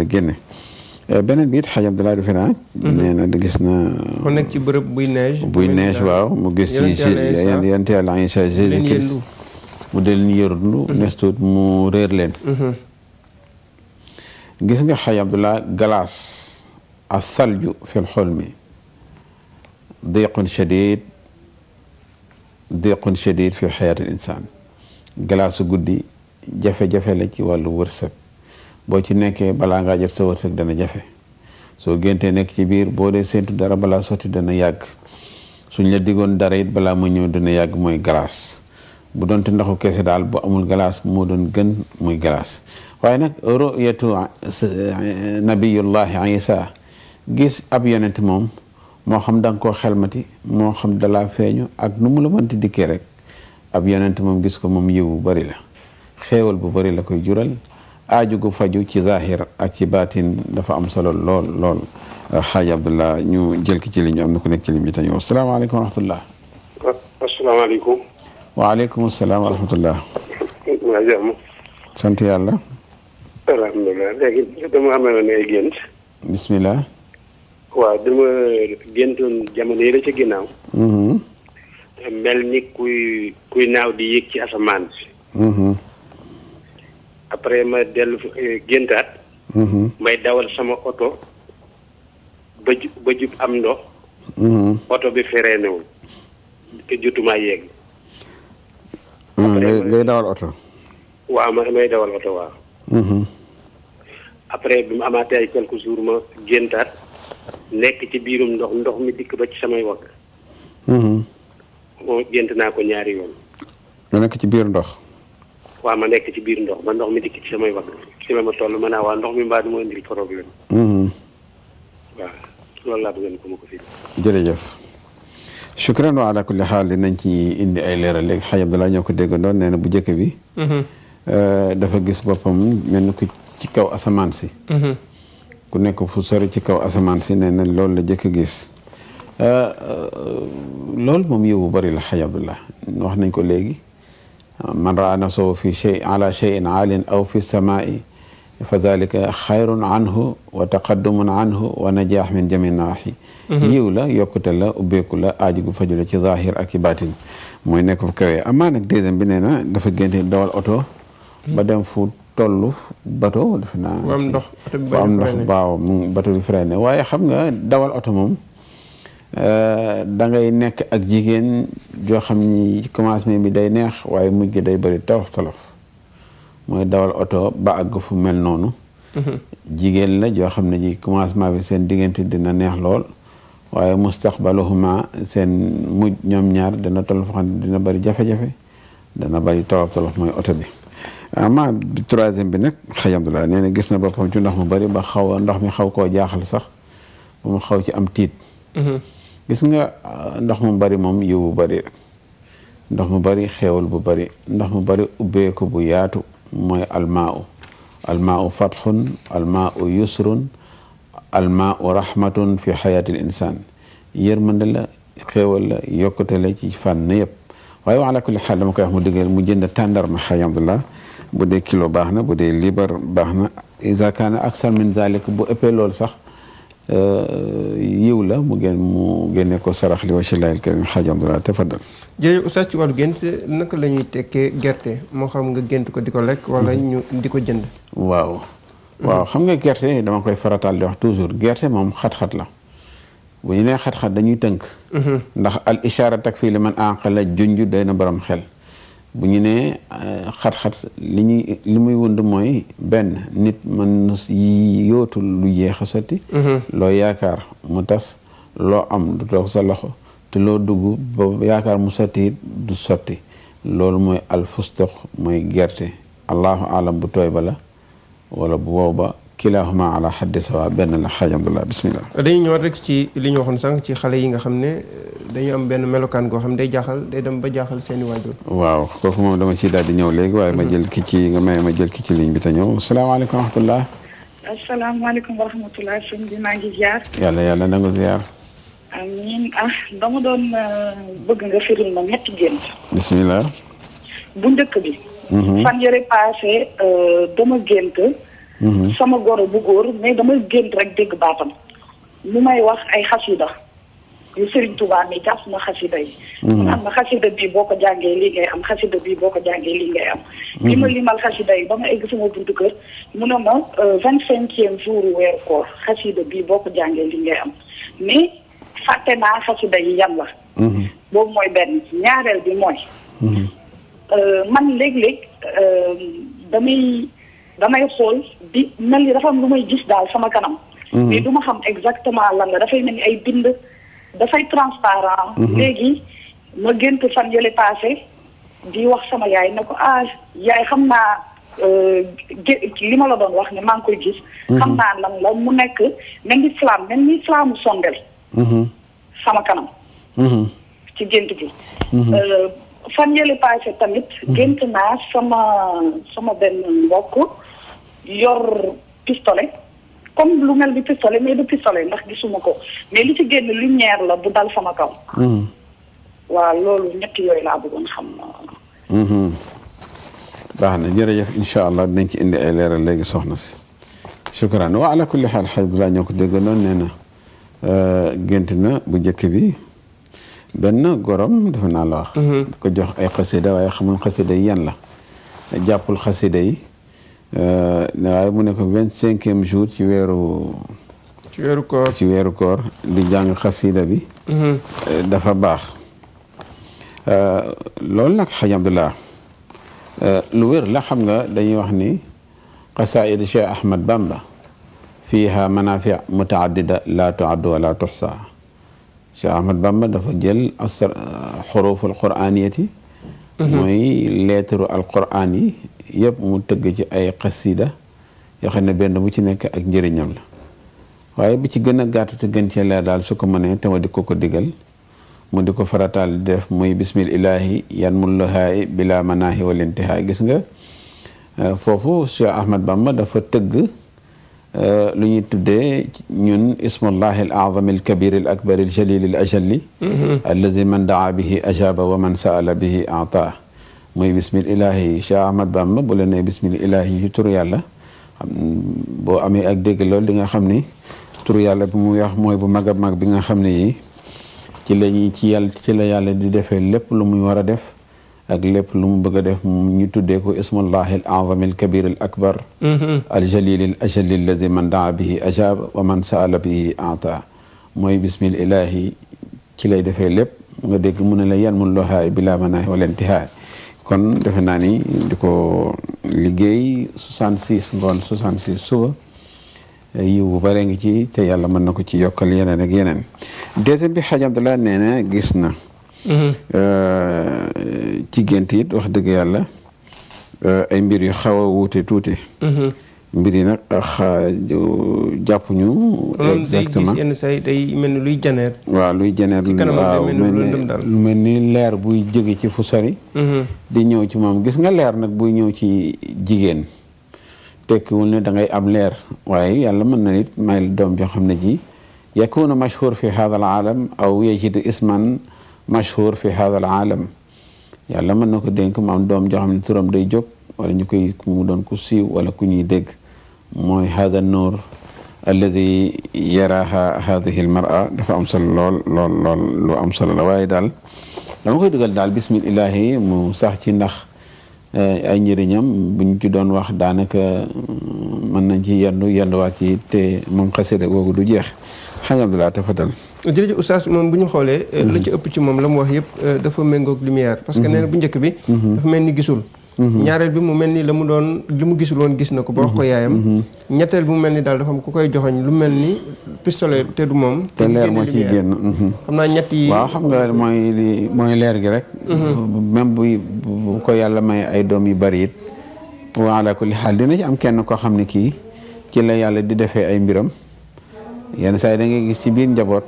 la génne euh, beneen bi it xaj Abdoulaye defe naa. Mhm. nee na gis na. ci bërëb buy neige. buy neige waaw mu gis. yéen yéen teel a Isa Jésus-Christ mu del mhm. leen yërlu. Mhm. nestuut mu réer leen. gis nga xaj Abdoulaye galaas a salju fil xulmi diqun shadid diqun shadid fi xayaati insaan galaasu guddi jafe-jafe la ci wàllu wërsëg. boo ci nekkee balaa ngaa jot sa wërsëg dana jafe soo géntee nekk ci biir boo dee séntu dara balaa sotti dana yàgg suñ la diggoon dara yit balaa mu ñëw dana yàgg mooy glace bu doonte ndaxu keese daal bu amul galaas moo doon gën muy glace waaye nag ru'yatu nabiyullahi isa gis ab yonent moom moo xam da nga koo xelmati moo xam dalaa feeñu ak nu mu la mënti dikkee rek ab yonent moom gis ko moom yiw bu bari la xewal bu bari la koy jural aaju gu faju ci zahir ak ci baatin dafa am solo lool lool euh, xaaji Abdullah ñu jël ki ci ligne bi am na ku nekk ci ligne bi te ñëw salaamaaleykum wa rahmatullah. asalaamaaleykum. waaleykum salaam wa rahmatullah. maa jàmm. sant yàlla. alhamdulilah léegi dama amee ne gént. bismillah. waaw dama géntoon jamono yi la ca ginnaaw. Mm-hmm. mel ni kuy naaw di après ma dellu eh, géntaat mm-hmm. may dawal sama oto ba jub am ndox mm-hmm. oto bi fereenewul te jotumaa yegg mm, ngay dawal oto waaw ma may dawal oto waaw mm-hmm. après bi mu amaatee ay quelques jours ma géntaat nekk ci biirum ndox ndox mi dikk ba ci samay wagg gént naa ko ñaari yoon nga nekk ci biir ndox waa ma nekk ci biir ndox ba ndox mi dikk ci samay wagg ci la ma toll ma ne waa ndox mi mbaa du problème. Mm-hmm. waaw loolu shukran wa ala kulli xaal dinañ ci indi ay leeral léegi xay Abdoulaye ñoo ko déggandoon nee na bu njëkk bi. Mm-hmm. Euh, dafa gis boppam mel ni ku ci kaw asamaan si. Mm-hmm. ku nekk fu sori ci kaw asamaan si nee na loolu la njëkk gis. Euh, euh, loolu moom yow bu bari la xay Abdoulaye wax nañ ko léegi. man raa nafsahu fi shay ala cheyin aalin aw fi samaai fa dalika xayrun anhu wa taqaddumun anhu wa najaax min jami nawaaxi yiw la yokkute la ubbeeku la aaji gu faju la ci zahir ak i baatin mooy nekk fu kawee amaa nag deuxième bi nee na dafa génte dawal oto mm-hmm. ba dem fu toll bato defe naa am ndox baaw mu bato bi freiné waaye xam nga dawal oto moom Euh, da ngay nekk ak jigéen joo xam ni commencement bi day neex waaye mujj gi day bëri tolof tolof mooy dawal oto ba àgg fu mel noonu. Mhm. jigéen la joo xam ne ji commencement bi seen diggante dina neex lool waaye mustaxbaluhuma seen mujj ñoom ñaar dana tolof xam dina bari jafe-jafe dana bari tolof tolof mooy oto bi. Ah, ma troisième bi nag alhamdulilah nee na gis na boppam ci ndox mu bari ba xaw ndox mi xaw koo jaaxal sax ba mu xaw ci am tiit. Mhm. gis nga ndox mu bari moom yiw bu bari ndox mu bari xeewal bu bari ndox mu bari ubbeeku bu yaatu mooy almaau almaau fatxun almaau yusrun almaau fi xayaatil insaan yërmande la xeewal la yokkute la ci fànn yëpp waaye wa ala kulli xaal dama koy wax mu dëggal mu jënd tàndarma xay bu dee kilo baax na bu dee libar baax na isa kaana aksar min zalik bu ëppee loolu sax Euh, yiw la mu génn mu génne ko sarax li wacci laayal karim xaaj Abdoulaye tafaddal jërëjëf oustaz ci wàllu gént naka la ñuy tekkee gerte moo xam nga gént ko di ko lekk wala ñu di ko jënd waaw waaw xam nga gerte dama koy farataal di wax toujours gerte moom xat-xat la bu ñu nee xat-xat dañuy tënk mhm. ndax al ishaara fii li man ànqala junj doy na borom xel bu ñu nee euh, xat-xat li ñuy li muy wund mooy benn nit mën na yootul lu yeex a sotti mm-hmm. loo yaakaar mu tas loo am du toog sa loxo te loo dugg ba yaakaar mu sotti du sotti loolu mooy alfustox mooy gerte allahu alam bu tooy ba la wala bu wow ba kilahuma ala xaddi sawa benn la xaaj Abdullah bismillah dañuy ñëwaat rek ci li ñu waxoon sànq ci xale yi nga xam ne eh, dañu am benn melokaan goo xam day jaaxal day dem ba jaaxal seeni waajur waaw kooku moom dama ciy daal di ñëw léegi waaye ma jël ki ci nga may ma jël ki ci ligne bi te ñëw salaamaaleykum wa rahmatullah asalaamaaleykum wa rahmatullah sëñ bi yàlla yàlla nangu ziar amiin ah, dama doon eh, bëgg nga firil ma ñetti gént bismillah bu njëkk bi mhm. eh, dama gént Mhm. sama goro bu góor mais damay génn rek dégg baatam lu may wax ay xasida yu Serigne tubaab ni jàpp na xasida yi mhm. am na xasida bii boo ko jàngee lii ngay am xasida bii boo ko jàngee lii ngay am li mhm. ma limal xasida yi ba ma egg sama buntu kër mu ne ma euh, vingt cinquième jour weeru koor xasida bii boo ko jàngee lii ngay am mais fàtte naa xasida yi yan la boobu mooy benn ñaareel bi mooy euh, man léeg-léeg euh, damay damay xool di mel ni dafa am lu may gis daal sama kanam. Mhm. mais du ma xam exactement lan dafay mel ni ay bind dafay transparent. Mhm. léegi ma gént fan yële paase di wax sama yaay ne ko ah yaay xam naa euh, li ma la doon wax ne maa ngi koy gis. Mhm. xam naa lan la mu nekk mel ni flamme mel ni flamme sondel. sama kanam. ci gént bi. Euh, fan yële paase tamit. gént naa sama sama benn mbokk. yor pistolet comme lu mel ni pistolet mais du pistolet ndax gisuma ko mais li ci génn lumière la bu dal sama kaw. Hmm. waaw loolu ñett yooyu laa bëggoon xam. Hmm. baax na jërëjëf incha allah dinañ ci indi ay leeral léegi soxna si. shukran wa ala kulli xaal euh, na bu njëkk bi benn gorom dafa naa hmm. ko jox ay xasida waaye xamul xasida yi yan la jàppul xasida yi. Euh, waaye mu ne ko vingt cinquième jour ci weeru. ci weeru koor ci weeru koor di jàng xasida bi. Mhm. Euh, dafa baax. Euh, loolu nag xaj Abdullah lu wér la xam nga dañuy wax ni xasaid Cheikh Ahmad Bamba fiiha manafi mutaaddida laa tuaddu wa laa tuxsa Cheikh Ahmad Bamba dafa jël asar xuruful quraaniyati Mm-hmm. mooy leetaru alquran yi yëpp mu tëgg ci ay xasida yoo xam ne benn bu ci nekk ak njëriñam la waaye bu ci gën a gàtt te gën cee leer daal su ko mënee te ma di ko ko digal mu di ko farataal def muy bismillahi yan mulluhaay bila manaahi wal intihaay gis nga eh, foofu Cheikh Ahmad Bamba dafa tëgg Euh, lu ñuy tuddee ñun ismullahi al azam al kabir al akbar al jalil al ajalli mhm. allazi daa bihi ajaba wa man saala bihi ata muy bismillahi Cheikh Ahmad Bamba bu la nee bismillahi ci tur boo amee ak dégg lool nga xam ni tur bi mu wax mooy bu mag a mag bi nga xam ne ci la ñuy ci yàlla ci la yàlla di defee lépp lu muy war a def ak lépp lu mu bëgg a def ñu tuddee ko ismullahi al azam al kabir al akbar mm-hmm. al jalil al ajali man daa bihi ajaba wa man saala bihi ata mooy bismillahi ci lay defee lépp nga dégg mu ne la yan mun loxaay bila manaahi wala intihaay kon defe naa ni di ko liggéey 66 ngoon 66 suba yiw bu bare ngi ci te yàlla mën na ko ci yokkal yeneen ak yeneen deuxième bi xaj Abdallah nee na gis na Mm-hmm. Euh, ci gént it wax dëgg yàlla euh, ay mbir yu xaw a wuute tuuti. Mm-hmm. mbir yi nag euh, jàpp ñu. exactement yenn saa yi day mel ni luy janeer. waaw luy janeer lu mel ni leer buy jóge ci fu sori. Mm-hmm. di ñëw ci moom gis nga leer nag buy ñëw ci jigéen. tekkiwul ne da ngay am leer waaye yàlla mën na nit may doom joo xam ne ji yakunu mashhur fi hada al aw yajid isman mashhur fi hada al aalam yàlla mën na ko dénk mu doom joxam xam ne turam day jóg wala ñu koy mu doon ku siiw wala ku ñuy dégg mooy hada nuur alladi yaraaha hadihi almar'a dafa am solo lool am solo la waaye daal dama koy dugal daal bismillahi mu sax ci ndax eh, ay njëriñam buñ ci doon wax daanaka mm, mën nañ ci yendu yenduwaat yi te moom xasida googu du jeex xaj Abdullah tafadal jërëjëf oustaz moom bu ñu xoolee euh, la mhm. ci ëpp ci moom la mu wax yëpp euh, dafa méngoog lumière parce que mhm. nee bu njëkk bi mhm. dafa mel ni gisul ñaareel bi mu mel nii la mu doon li mu gisul woon gis na ko ba wax ko yaayam ñetteel bi mu mel ni daal dafa am ku koy joxoñ lu mel ni pistolet te du moom te leer moo ciy génn xam naa ñett yi waaw xam nga mooy li mooy leer gi rek même bu ko yàlla may ay doom yu bari it ala kulli xaal dina ci am kenn koo xam ne kii ci la yàlla di defee ay mbiram yenn saa yi da ngay gis ci biir njaboot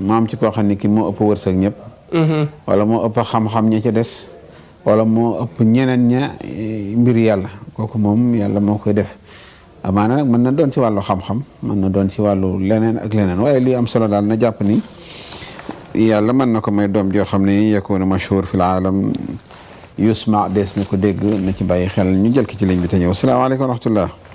maam ci koo xam ne ki moo ëpp wërsëg ñëpp mm-hmm. wala moo ëpp xam-xam ña des wala moo ëpp ñeneen ña eh, mbir yàlla kooku moom yàlla moo koy def amaana nag mën na doon ci wàllu xam-xam mën na doon ci wàllu leneen ak leneen waaye li am solo daal na jàpp ni yàlla mën na ko may doom joo xam ne yakuna mashhur fil aalam yusma des na ko dégg na ci bàyyi xel ñu jël ki ci ligne bi te ñëw asalaamaaleykum wa rahmatullah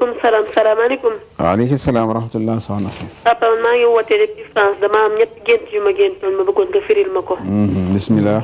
maaleykum salaam salaamaaleykum. waaleykum salaam wa rahmatulah soxna si. papa maa ngi wootee depuis France dama am ñetti gént yu ma géntoon ma bëggoon nga firil ma ko. Mhm, bisimilah.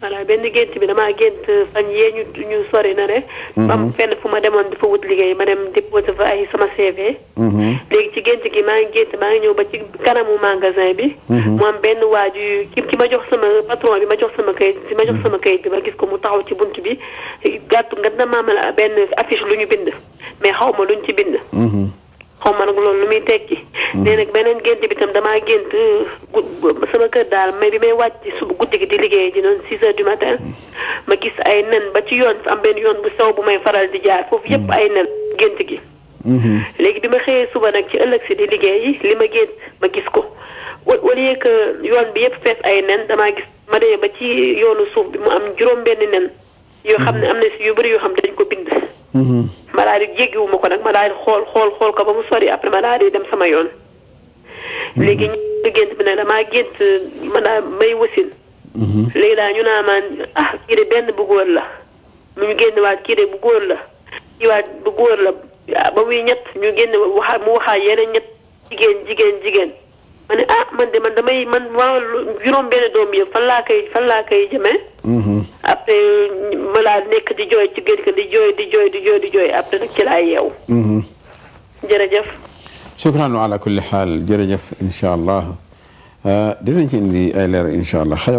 voilà benn gént bi damaa gént fan yee ñu ñu sori na rek. Mhm. am fenn fu ma demoon dafa wut liggéey ma dem déposé fa ay sama CV. Mhm. léegi ci gént gi maa ngi gént maa ngi ñëw ba ci kanamu magasin bi. Mhm. mu benn waaju ki ki ma jox sama patron bi ma jox sama kayit bi ma sama kayit bi ma gis ko mu taxaw ci bunt bi gàtt nga dama amal benn affiche lu ñu bind mais xaw ma luñ ci bind. xaw ma nag loolu lu muy tekki. Hmm. nee nag beneen gént bi tam damaa gént sama kër daal mais bi may wàcc suba guddi gi di liggéey ji noonu six heures du matin hmm. ma gis ay nen ba ci yoon am benn yoon bu sew bu may faral di jaar foofu yépp hmm. ay nen gént gi. léegi bi ma xëyee suba nag ci ëllëg si di liggéey li ma gént ma gis ko au lieu que yoon bi yépp fees ay nen damaa gis ma demee ba ci yoonu suuf bi mu am juróom benn nen. yoo xam ne am na si yu bari yoo xam dañ ko bind. ma daal di jéggiwuma ko nag ma daal di xool xool xool ko ba mu sori après ma daal di dem sama yoon. Mhm. léegi ñu gént bi nag damaa gént ma daal may wasin. Mhm. léegi daal ñu naa maan ah kii benn bu góor la mu ñu génn waat kii bu góor la kii waat bu góor la ah, ba muy ñett ñu génn waxa mu waxaat yeneen ñett jigéen jigéen jigéen. ma ne ah man de man damay man waaw juróom benn doom bi yëpp fan laa koy fan laa koy jëmee. Mm-hmm. après ma laa nekk di jooy ci géej di jooy di jooy di jooy après nag ci laa yeew. Mm-hmm. jërëjëf. shukran ala kulli xaal jërëjëf incha allah euh, dinañ ci indi ay leer incha allah.